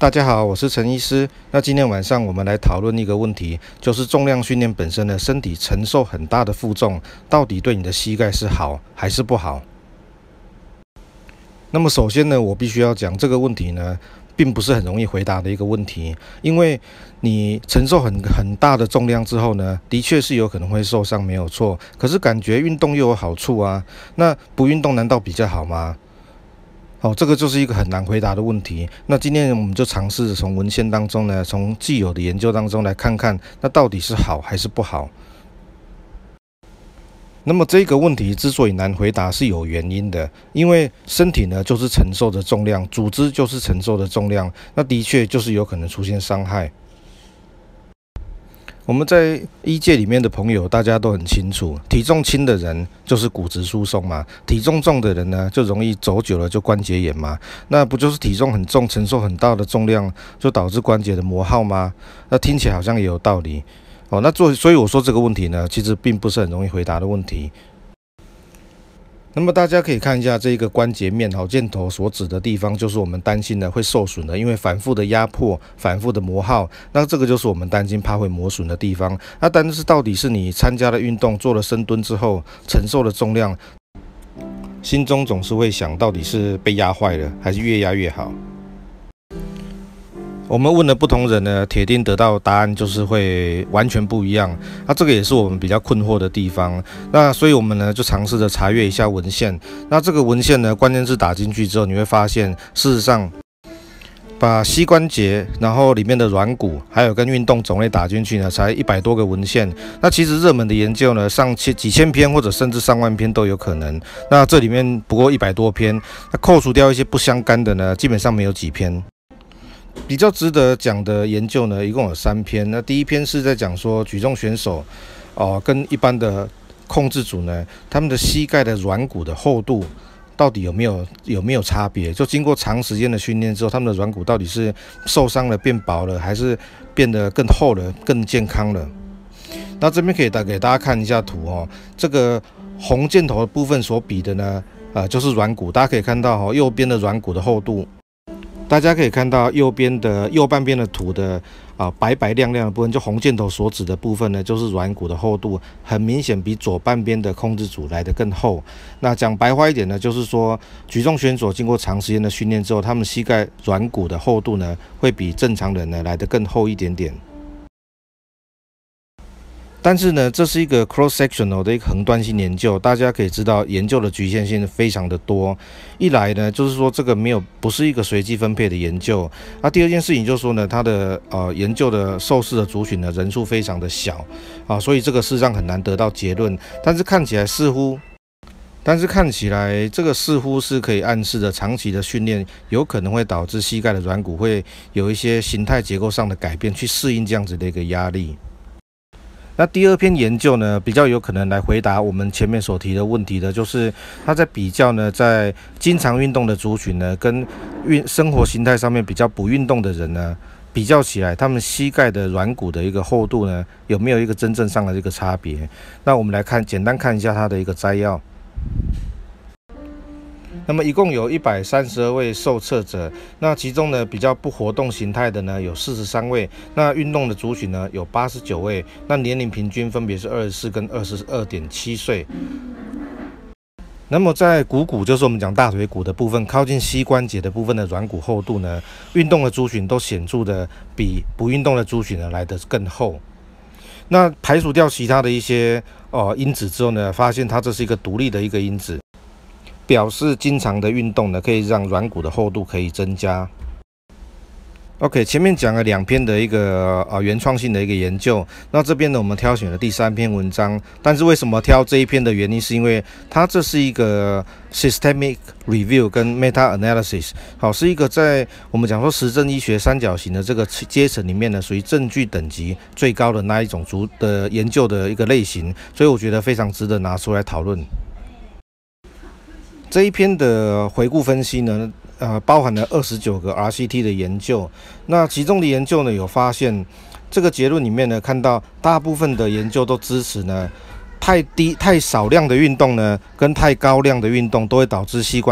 大家好，我是陳醫師。那今天晚上我們來討論一個問題，就是重量訓練本身的身體承受很大的負重，到底對你的膝蓋是好還是不好？那麼首先呢，我必須要講這個問題呢，並不是很容易回答的一個問題。因為你承受很很大的重量之後呢，的確是有可能會受傷，沒有錯。可是感覺運動又有好處啊，那不運動難道比較好嗎？哦，這個就是一個很難回答的問題。那今天我們就嘗試從文獻當中呢，從既有的研究當中來看看，那到底是好還是不好。那麼這個問題之所以難回答是有原因的，因為身體呢就是承受的重量，組織就是承受的重量，那的確就是有可能出現傷害。我們在醫界裡面的朋友，大家都很清楚，體重輕的人就是骨質疏鬆嘛，體重重的人呢就容易走久了就關節炎嘛，那不就是體重很重，承受很大的重量，就導致關節的磨耗嗎？那聽起來好像也有道理哦。那做，所以我說這個問題呢，其實並不是很容易回答的問題。那麼大家可以看一下這個關節面，好，箭頭所指的地方就是我們擔心的會受損的，因為反覆的壓迫、反覆的磨耗，那這個就是我們擔心怕會磨損的地方。那但是到底是你參加了運動、做了深蹲之後承受的重量，心中總是會想到底是被壓壞了，還是越壓越好？我們問了不同人呢，鐵定得到答案就是會完全不一樣。那、啊、這個也是我們比較困惑的地方。那所以我們呢就嘗試着查閱一下文獻。那這個文獻呢，關鍵字打進去之後，你會發現，事實上，把膝關節，然後裡面的軟骨，還有跟運動種類打進去呢，才一百多個文獻。那其實熱門的研究呢，上千、幾千篇或者甚至上萬篇都有可能。那這裡面不過一百多篇，那扣除掉一些不相干的呢，基本上沒有幾篇。比較值得講的研究呢，一共有三篇。那第一篇是在講說舉重選手哦，跟一般的控制組呢，他們的膝蓋的軟骨的厚度到底有沒有有沒有差別？就經過長時間的訓練之後，他們的軟骨到底是受傷了變薄了，還是變得更厚了，更健康了？那這邊可以帶給大家看一下圖哦，這個紅箭頭的部分所比的呢，呃，就是軟骨，大家可以看到哦，右邊的軟骨的厚度。大家可以看到右邊的右半邊的土的啊、呃、白白亮亮的部分，就紅箭頭所指的部分呢，就是軟骨的厚度，很明顯比左半邊的控制組來得更厚。那講白話一點呢，就是說，舉重選手經過長時間的訓練之後，他們膝蓋軟骨的厚度呢，會比正常人呢來得更厚一點點。但是呢，這是一個 cross-sectional 的一個橫斷性研究，大家可以知道研究的局限性非常的多。一來呢，就是說這個沒有，不是一個隨機分配的研究。那、啊、第二件事情就是說呢，它的呃研究的受試的族群呢，人數非常的小啊，所以這個事實上很難得到結論。但是看起來似乎，但是看起來這個似乎是可以暗示着長期的訓練有可能會導致膝蓋的軟骨會有一些形態結構上的改變，去適應這樣子的一個壓力。那第二篇研究呢，比較有可能來回答我們前面所提的問題的，就是他在比較呢，在經常運動的族群呢，跟運生活形態上面比較不運動的人呢，比較起來，他們膝蓋的軟骨的一個厚度呢，有沒有一個真正上的一個差別？那我們來看，簡單看一下它的一個摘要。那麼一共有一百三十二位受測者，那其中呢比較不活動形態的呢有四十三位，那運動的族群呢有八十九位，那年齡平均分別是二十四跟二十二點七歲。那麼在股骨，就是我們講大腿骨的部分，靠近膝關節的部分的軟骨厚度呢，運動的族群都顯著的比不運動的族群呢來得更厚。那排除掉其他的一些呃因子之後呢，發現它這是一個獨立的一個因子。表示經常的運動呢，可以讓軟骨的厚度可以增加。OK，前面講了兩篇的一個啊、呃、原創性的一個研究，那這邊呢我們挑選了第三篇文章。但是為什麼挑這一篇的原因，是因為它這是一個 systemic review 跟 meta analysis，好，是一個在我們講說實證醫學三角形的這個階層裡面呢，屬於證據等級最高的那一種足的研究的一個類型，所以我覺得非常值得拿出來討論。這一篇的回顧分析呢，呃，包含了二十九個 RCT 的研究。那其中的研究呢，有發現這個結論裡面呢，看到大部分的研究都支持呢，太低、太少量的運動呢，跟太高量的運動都會導致膝關。